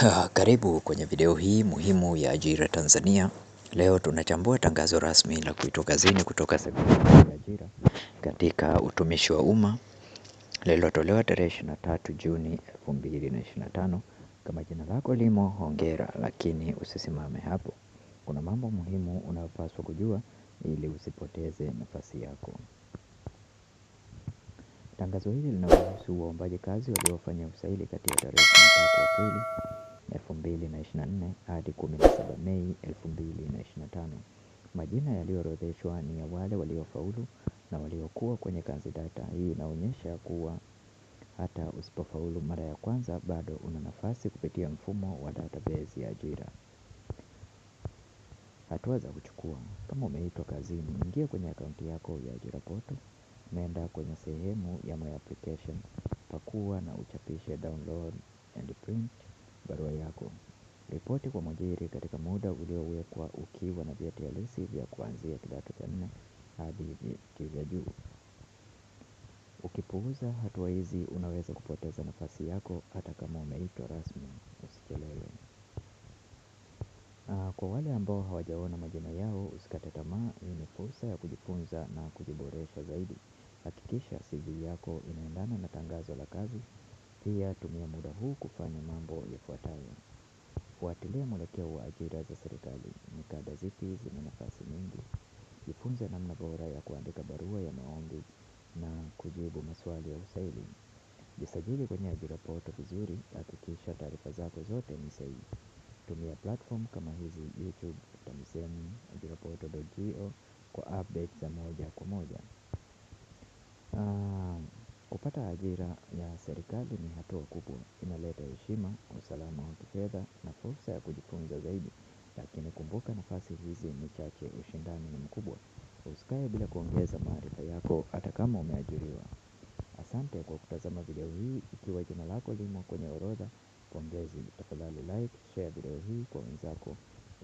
Karibu kwenye video hii muhimu ya ajira Tanzania. Leo tunachambua tangazo rasmi la kuitwa kazini kutoka Sekretarieti ya Ajira katika Utumishi wa Umma lililotolewa tarehe 23 Juni 2025. Kama jina lako limo, hongera, lakini usisimame hapo. Kuna mambo muhimu unayopaswa kujua ili usipoteze nafasi yako. Tangazo hili linahusu waombaji kazi waliofanya usaili kati ya tarehe 23 Aprili 2024 hadi 17 Mei 2025. Majina yaliyoorodheshwa ni ya wale waliofaulu na waliokuwa kwenye kanzi data. Hii inaonyesha kuwa hata usipofaulu mara ya kwanza, bado una nafasi kupitia mfumo wa database ya ajira. Hatua za kuchukua: kama umeitwa kazini, ingia kwenye akaunti yako ya ajira portal, nenda kwenye sehemu ya my application, pakua na uchapishe download and print barua yako. Ripoti kwa mwajiri katika muda uliowekwa ukiwa na vyeti halisi vya kuanzia kidato cha nne hadi vya juu. Ukipuuza hatua hizi unaweza kupoteza nafasi yako hata kama umeitwa rasmi usichelewe. Ah, kwa wale ambao hawajaona majina yao usikate tamaa hii ni fursa ya kujifunza na kujiboresha zaidi. Hakikisha CV yako inaendana na tangazo la kazi. Pia tumia muda huu kufanya mambo yafuatayo. Fuatilia mwelekeo wa ajira za serikali, ni kada zipi zina nafasi nyingi. Jifunze namna bora ya kuandika barua ya maombi na kujibu maswali ya usaili. Jisajili kwenye ajira poto vizuri, hakikisha taarifa zako zote ni sahihi. Tumia platform kama hizi YouTube, Tamisemi, ajiraportal.go kwa update za moja kwa moja. Kupata ajira ya serikali ni hatua kubwa, inaleta heshima, usalama wa kifedha na fursa ya kujifunza zaidi. Lakini kumbuka nafasi hizi ni chache ushindani ni mkubwa. Usikae bila kuongeza maarifa yako hata kama umeajiriwa. Asante kwa kutazama video hii ikiwa jina lako limo kwenye orodha. Pongezi tafadhali like, share video hii kwa wenzako.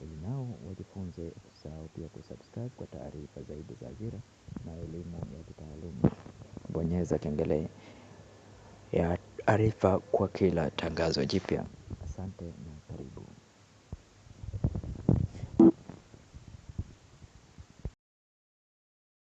Ili nao wajifunze usahau pia kusubscribe kwa taarifa zaidi za ajira na elimu bonyeza kengele ya arifa kwa kila tangazo jipya. Asante.